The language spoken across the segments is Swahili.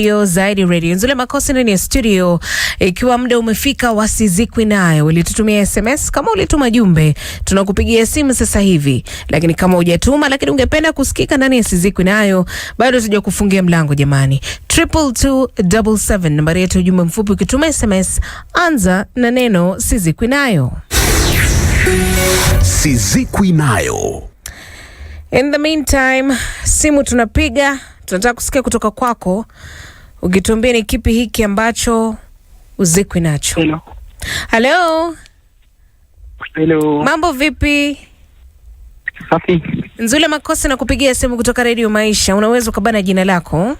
Yo zaidi Radio Nzule Makosi ndani ya studio, ikiwa e, muda umefika wasizikwi nayo. Ulitutumia SMS kama ulituma jumbe, tunakupigia simu sasa hivi, lakini kama hujatuma lakini ungependa kusikika ndani ya sizikwi nayo, bado kufungia mlango jamani. Triple nambari yetu, ujumbe mfupi ukituma SMS anza na neno sizikwi nayo, sizikwi nayo. In the meantime, simu tunapiga, tunataka kusikia kutoka kwako ukituambia ni kipi hiki ambacho uzikwi nacho. Halo, Hello. Mambo vipi? Safi. Nzule Makosi na kupigia simu kutoka Radio Maisha. Unaweza ukabana jina lako?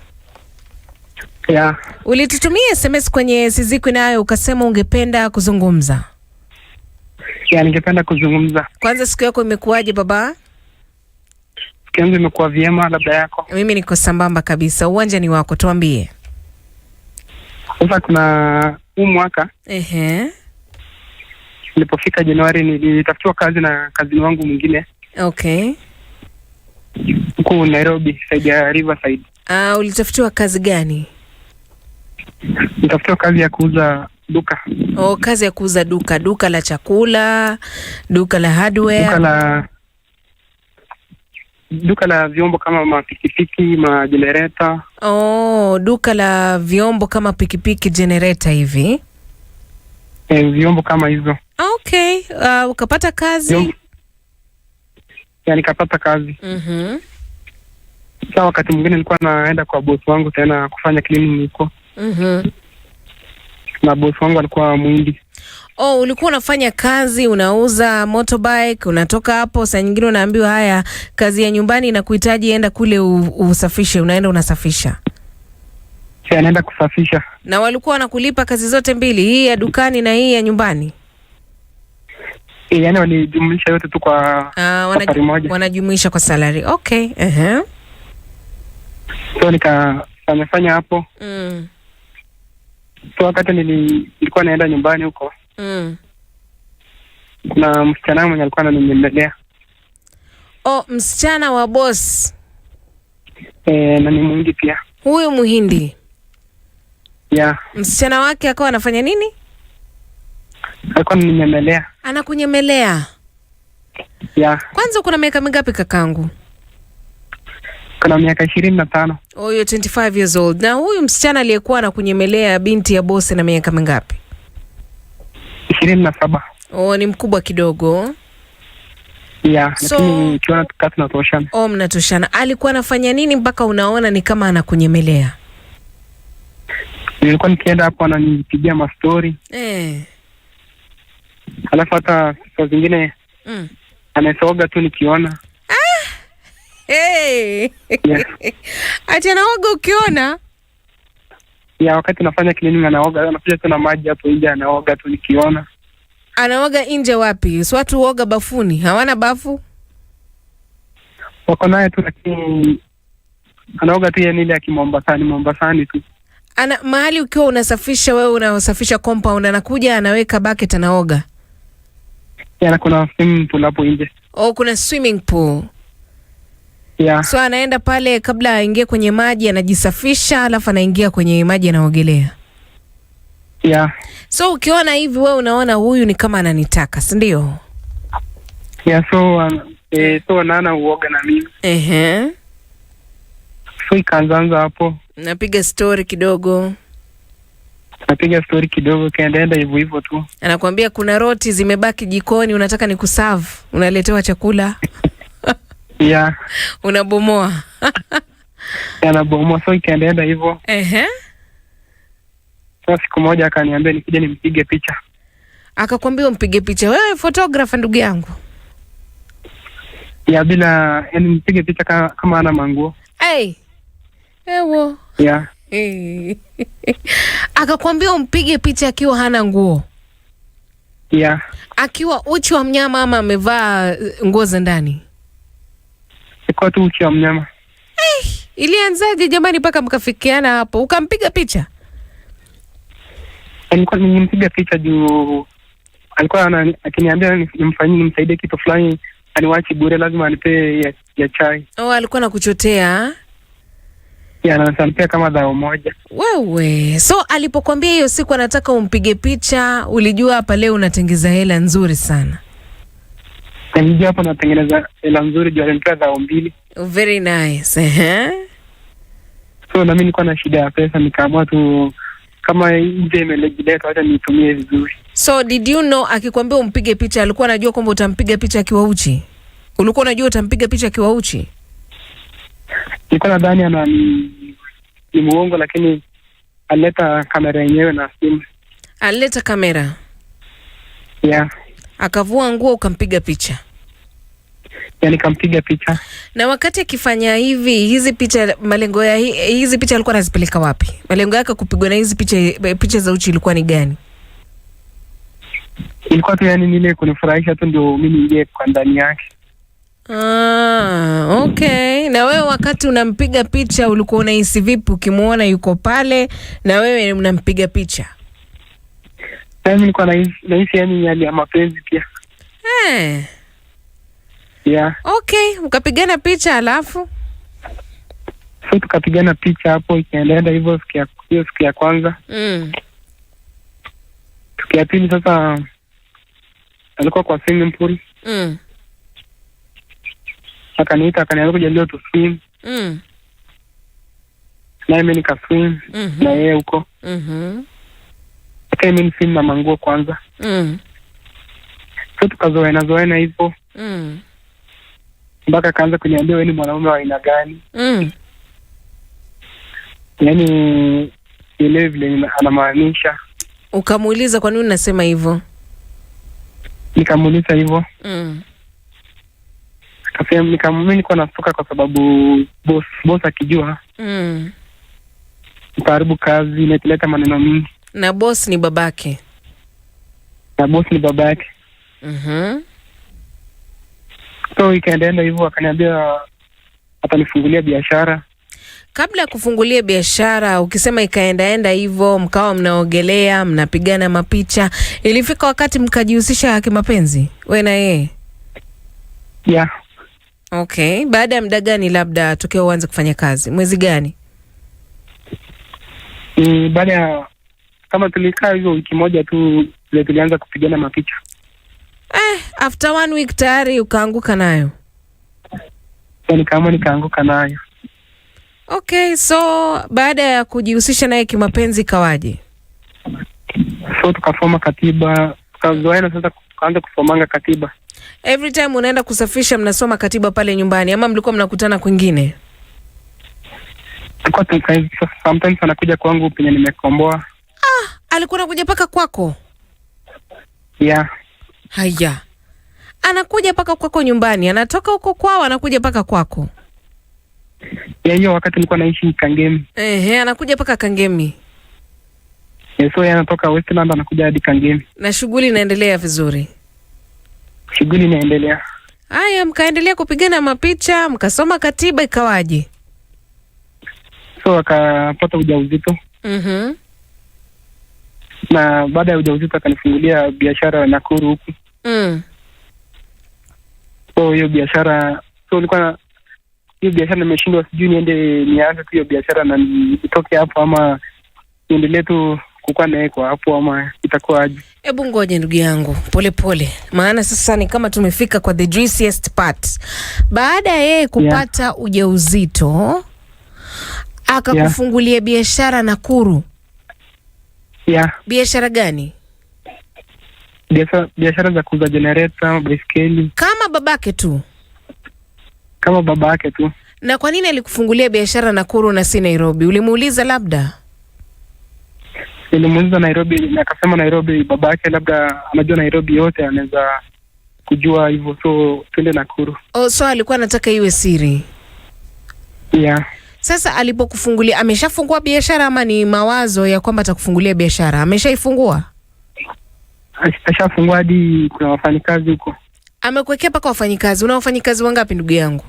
Yeah. Ulitutumia SMS kwenye Sizikwi nayo ukasema ungependa kuzungumza. Yeah, ningependa kuzungumza. Kwanza siku yako imekuwaje baba? yangu imekuwa vyema, labda yako? Mimi niko sambamba kabisa. Uwanja ni wako, tuambie sasa. Kuna huu mwaka ehe, nilipofika Januari nilitafutiwa kazi na kazini wangu mwingine, okay, huku Nairobi, saidi ya Riverside. Ah, ulitafutiwa kazi gani? Nitafutiwa kazi ya kuuza duka. Oh, kazi ya kuuza duka, duka la chakula, duka la hardware, duka la duka la vyombo kama mapikipiki majenereta. Oh, duka la vyombo kama pikipiki jenereta hivi e, vyombo kama hivyo. Okay. Uh, ukapata kazi vyombo. Yani kapata kazi mm -hmm. Sa wakati mwingine nilikuwa naenda kwa bosi wangu tena kufanya cleaning huko mm -hmm. Na bosi wangu alikuwa mwindi Oh, ulikuwa unafanya kazi, unauza motorbike, unatoka hapo, saa nyingine unaambiwa haya, kazi ya nyumbani inakuhitaji, enda kule usafishe. Unaenda unasafisha, si anaenda kusafisha. Na walikuwa wanakulipa kazi zote mbili, hii ya dukani na hii ya nyumbani? E, yani walijumuisha yote tu kwa ah, wanaj wanajumuisha kwa salary. Okay, uh -huh. So nikafanya fanya hapo mm. So wakati nilikuwa naenda nyumbani huko Mm mm. kuna msichana mwenye alikuwa ananimbelea. Oh, msichana wa boss e, na ni mwingi pia huyu muhindi yeah. msichana wake akawa anafanya nini? alikuwa ananyemelea. Anakunyemelea? yeah. Kwanza kuna miaka mingapi kakangu? kuna miaka ishirini na tano. Oh, you're 25 years old. Na huyu msichana aliyekuwa anakunyemelea binti ya bosi na miaka mingapi? ishirini na saba. Oh, ni mkubwa kidogo ya so, tunatoshana. Oh, mnatoshana. Alikuwa anafanya nini mpaka unaona ni kama anakunyemelea? Nilikuwa nikienda hapo ananipigia mastori eh, alafu hata saa zingine mm, anaesoga tu nikiona. Ah, hey. yeah. ati anaoga ukiona ya wakati nafanya cleaning anaoga, anakuja tu na maji hapo nje, anaoga tu nikiona. Anaoga nje wapi? Si watu uoga bafuni, hawana bafu? Wako naye tu lakini anaoga tu yani ile ya Mombasani tu. Ana mahali ukiwa unasafisha wewe, unasafisha compound, anakuja anaweka bucket, anaoga. Yana kuna swimming pool hapo nje. Oh, kuna swimming pool. Yeah. So anaenda pale kabla aingie kwenye maji anajisafisha, alafu anaingia kwenye maji anaogelea. Yeah. So ukiona hivi wewe unaona huyu ni kama ananitaka, si ndio? Yeah, so um, e, so anaana uoga na mimi. Ehe. So ikaanzaanza hapo. Napiga story kidogo. Napiga stori kidogo, kaendaenda hivyo hivyo tu. Anakuambia kuna roti zimebaki jikoni, unataka kusavu unaletewa chakula. Yeah. Unabomoa. Anabomoa, so ikaendaenda hivo Ehe. siku moja akaniambia nikija nimpige picha. Akakwambia umpige picha wewe, photographer ndugu yangu? Ya bila yani, mpige picha ka, kama ana manguo. Hey. Ewo. Yeah. Hey. Akakwambia umpige picha akiwa hana nguo? Yeah. Akiwa uchi wa mnyama ama amevaa eh, nguo za ndani? ilikuwa tu uchi ya mnyama. Hey, eh, ilianzaje jamani mpaka mkafikiana hapo? Ukampiga picha? Eh, nilikuwa nimempiga picha juu alikuwa akiniambia nimfanyie nimsaidie kitu fulani, aniwachi bure, lazima anipee ya, ya chai. Oh, alikuwa nakuchotea ananisampia ah? kama dhao moja. Wewe, so alipokuambia hiyo siku anataka umpige picha, ulijua hapa leo unatengeza hela nzuri sana? Naingia natengeneza hela nzuri juu alinitoa mbili. Very nice. So na shida ya pesa nikaamua tu kama nje imelejileta niitumie vizuri. So did you know akikwambia umpige picha alikuwa anajua kwamba utampiga picha akiwa uchi? Ulikuwa unajua utampiga picha akiwa uchi? Nilikuwa nadhani ana ni muongo lakini alileta kamera yenyewe na simu. Alileta kamera? Yeah. Akavua nguo ukampiga picha na nikampiga picha. Na wakati akifanya hivi hizi picha, malengo ya hizi picha alikuwa anazipeleka wapi? Malengo yake kupigwa na hizi picha, picha za uchi ilikuwa ni gani? Ilikuwa tu yani nile kunifurahisha tu, ndio mimi ingie kwa ndani yake. Ah, okay. Na wewe wakati unampiga picha ulikuwa unahisi vipi ukimwona yuko pale na wewe unampiga picha? Nami nilikuwa nahisi yani hali ya mapenzi pia. Eh. Hey yeah. Okay, ukapigana picha alafu so tukapigana picha hapo, ikaendaenda hivyo hiyo siku ya kwanza mm. Siku ya pili sasa alikuwa kwa swimming mm. Akaniita akaniambia kujalia tu swim mm. Naye mi nikaswim mm -hmm. na yeye huko mm -hmm. Akae mi na manguo kwanza mm. So tukazoena zoena hivo mm mpaka akaanza kuniambia wewe ni mwanaume wa aina gani? mm. Yaani vile anamaanisha. Ukamuuliza kwa nini unasema hivyo? Nikamuuliza hivyo mm. Akasema nikuwa nasuka kwa sababu boss boss akijua mm. kazi na maneno mingi. Na boss ni babake, na boss ni babake. yake mm so ikaendaenda hivyo, akaniambia atanifungulia biashara. Kabla ya kufungulia biashara, ukisema ikaendaenda hivyo, mkawa mnaogelea, mnapigana mapicha, ilifika wakati mkajihusisha kimapenzi we na yeye? Yeah. Okay, baada ya muda gani labda tokea uanze kufanya kazi, mwezi gani? Mm, baada ya kama tulikaa hivyo wiki moja tu, tulianza kupigana mapicha. Eh, after one week tayari ukaanguka nayo? Nikaamua nikaanguka nayo. Okay, so baada ya kujihusisha naye kimapenzi ikawaje So tukasoma katiba, tukazoena sasa, tukaanza kusomanga katiba. Every time unaenda kusafisha mnasoma katiba pale nyumbani ama mlikuwa mnakutana kwingine? Sometimes anakuja kwangu penye nimekomboa. Ah, alikuwa anakuja mpaka kwako? Yeah. Haya, anakuja mpaka kwako nyumbani, anatoka huko kwao, anakuja mpaka kwako. Ya hiyo wakati nilikuwa naishi Kangemi. Ehe, anakuja mpaka Kangemi. Yes, so anatoka Westland anakuja hadi Kangemi. Na shughuli inaendelea vizuri? Shughuli inaendelea. Haya, mkaendelea kupigana mapicha, mkasoma katiba, ikawaje? So akapata ujauzito. Mhm. Mm na baada ya ujauzito akanifungulia biashara ya Nakuru huku mm. So hiyo biashara so nilikuwa na hiyo biashara nimeshindwa, sijui niende nianze tu hiyo biashara na nitoke hapo ama niendelee tu kukuwa kwa hapo ama itakuwa Hebu ngoje ndugu yangu, polepole, maana sasa ni kama tumefika kwa the juiciest part. Baada ya yeye kupata yeah. ujauzito akakufungulia yeah. biashara Nakuru Yeah. Biashara gani? Biashara, za kuuza generator, baiskeli. Kama babake tu? Kama babake tu. Na kwa nini alikufungulia biashara Nakuru na si Nairobi? Ulimuuliza labda? Nilimuuliza Nairobi na akasema Nairobi, babake labda anajua Nairobi yote, anaweza kujua hivyo, so twende Nakuru. Oh, so alikuwa anataka iwe siri? Yeah. Sasa alipokufungulia ameshafungua biashara ama ni mawazo ya kwamba atakufungulia biashara? Ameshaifungua? Ashafungua hadi kuna wafanyikazi huko. Amekuwekea mpaka wafanyikazi. Una wafanyikazi wangapi ndugu yangu?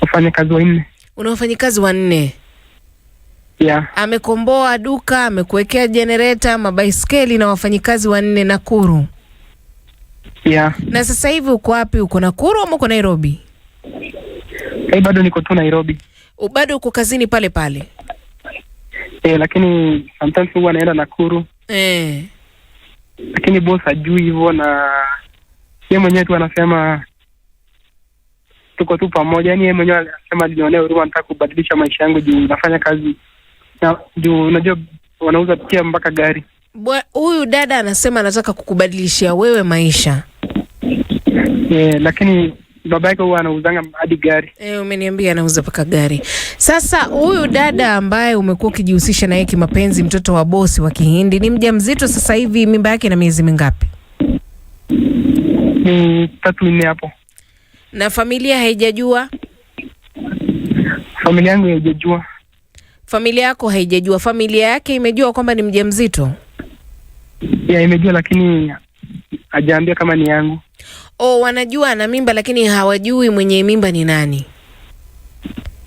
Wafanyikazi wanne. Una wafanyikazi wanne? Yeah. Amekomboa duka, amekuwekea jenereta, mabaiskeli na wafanyikazi wanne Nakuru. Yeah. Na sasa hivi uko wapi? Uko Nakuru ama uko Nairobi? Hey, bado niko tu Nairobi bado uko kazini pale pale? E, lakini sometimes huwa naenda Nakuru e. Lakini boss ajui hivyo, na ye mwenyewe tu anasema tuko tu pamoja. Yani ye mwenyewe anasema alinionea huruma, nataka kubadilisha maisha yangu juu nafanya kazi na, juu unajua wanauza pia mpaka gari. Huyu dada anasema anataka kukubadilishia wewe maisha e, lakini babake huwa anauzanga hadi gari. Eh, umeniambia anauza paka gari. Sasa huyu dada ambaye umekuwa ukijihusisha naye kimapenzi, mtoto wa bosi wa Kihindi, ni mjamzito sasa hivi, mimba yake na miezi mingapi? Ni tatu nne hapo. Na familia haijajua? Familia yangu haijajua. Familia yako haijajua? Familia yake imejua kwamba ni mjamzito? Ya, imejua lakini hajaambia kama ni yangu o oh, wanajua ana mimba lakini hawajui mwenye mimba ni nani?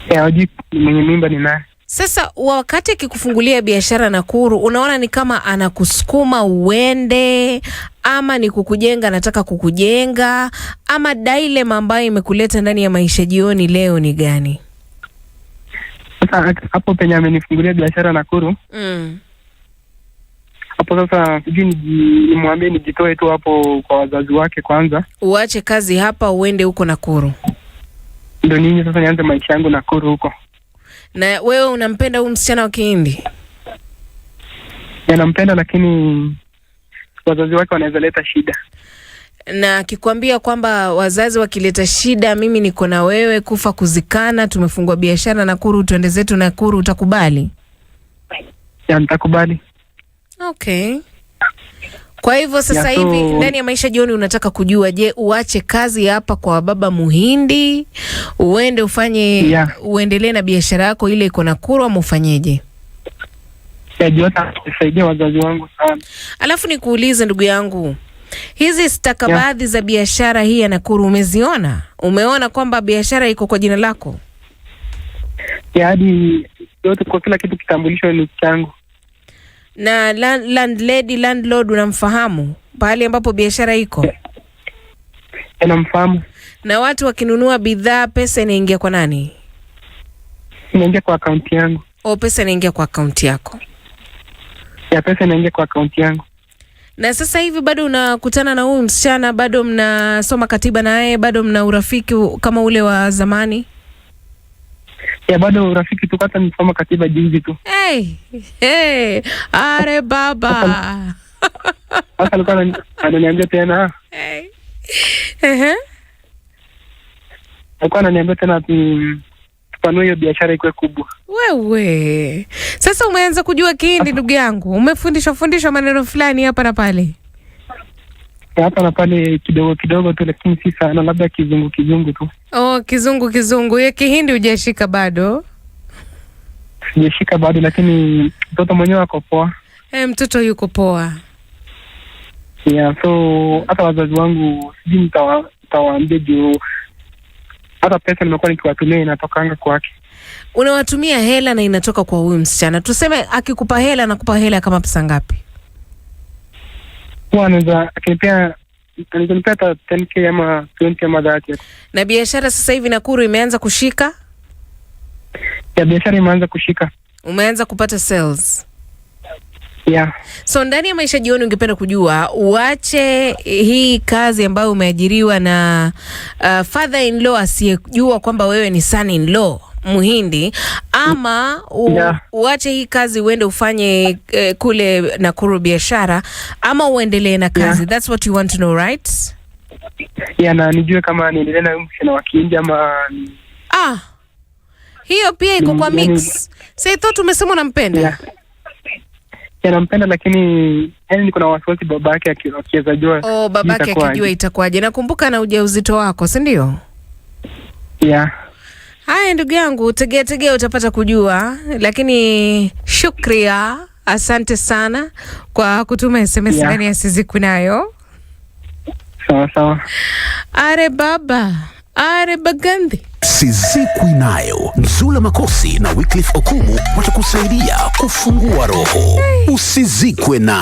Eh, hawajui mwenye mimba ni nani. Sasa wakati akikufungulia biashara Nakuru, unaona ni kama anakusukuma uende, ama ni kukujenga, anataka kukujenga, ama dilema ambayo imekuleta ndani ya maisha jioni leo ni gani? Sasa hapo penye amenifungulia biashara Nakuru mm hapo sasa, sijui nimwambie nijitoe tu hapo kwa wazazi wake kwanza, uache kazi hapa uende huko Nakuru, ndo nini sasa nianze maisha yangu Nakuru huko. Na wewe unampenda huyu msichana wa Kihindi? Nampenda, lakini wazazi wake wanaweza leta shida, na akikwambia kwamba wazazi wakileta shida, mimi niko na wewe, kufa kuzikana, tumefungua biashara Nakuru, tuende zetu Nakuru, utakubali? Ya, nitakubali. Okay. Kwa hivyo sasa hivi ndani ya maisha jioni unataka kujua, je, uache kazi hapa kwa baba Muhindi uende ufanye yeah, uendelee na biashara yako ile iko Nakuru ama ufanyeje? Saidia wazazi wangu sana. Alafu nikuulize ndugu yangu, hizi stakabadhi yeah, za biashara hii ya Nakuru umeziona? Umeona kwamba biashara iko kwa jina lako? Yaani yote kwa kila kitu, kitambulisho ni changu na landlady, landlord unamfahamu pahali ambapo biashara iko? Namfahamu. Na watu wakinunua bidhaa, pesa inaingia kwa nani? Inaingia kwa akaunti yangu. O, pesa inaingia kwa akaunti yako? Ya, pesa inaingia kwa akaunti yangu. Na sasa hivi bado unakutana na huyu msichana, bado mnasoma katiba naye, bado mna urafiki kama ule wa zamani? ya bado urafiki tu, hata nisoma katiba juzi tu. Hey, hey, are baba sasa alikuwa ananiambia tena hey. alikuwa ananiambia tena tupanue hiyo biashara ikuwe kubwa. Wewe sasa umeanza kujua kihindi ndugu yangu, umefundishwa fundishwa maneno fulani hapa na pale Eh, hapa na pale kidogo kidogo tu, lakini si sana, labda kizungu kizungu tu. Oh, kizungu kizungu. Ye, kihindi hujashika bado? Sijashika bado, lakini mtoto mwenyewe ako poa. E, mtoto yuko poa. Yeah, so hata wazazi wangu sijui nitawaambia juu hata pesa nimekuwa nikiwatumia inatokanga kwake. Unawatumia hela na inatoka kwa huyu msichana. Tuseme akikupa hela, anakupa hela kama pesa ngapi? anaweza hata 10k ama 20 ama Na biashara sasa hivi Nakuru imeanza kushika ya biashara imeanza kushika, umeanza kupata sales yeah. So ndani ya maisha jioni, ungependa kujua uache hii kazi ambayo umeajiriwa na uh, father in law asiyejua kwamba wewe ni son in law Mhindi ama u, yeah. Uache hii kazi uende ufanye eh, kule Nakuru biashara ama uendelee na kazi yeah. That's what you want to know right? Yeah, na nijue kama niendelee na mshana wa Kihindi ama ah, hiyo pia iko kwa mix. Say thought umesema unampenda yeah. Nampenda lakini yani niko na wasiwasi babake akiweza jua. Oh, babake akijua itakuwaje? Nakumbuka na ujauzito wako, si ndio? Yeah. Haya ndugu yangu, tegea tegea, utapata kujua. Lakini shukria, asante sana kwa kutuma SMS yeah. Ndani ya siziku nayo sawa sawa. Are baba are bagandhi Sizikwi nayo Nzula Makosi na Wycliffe Okumu watakusaidia kufungua roho. Usizikwe nayo.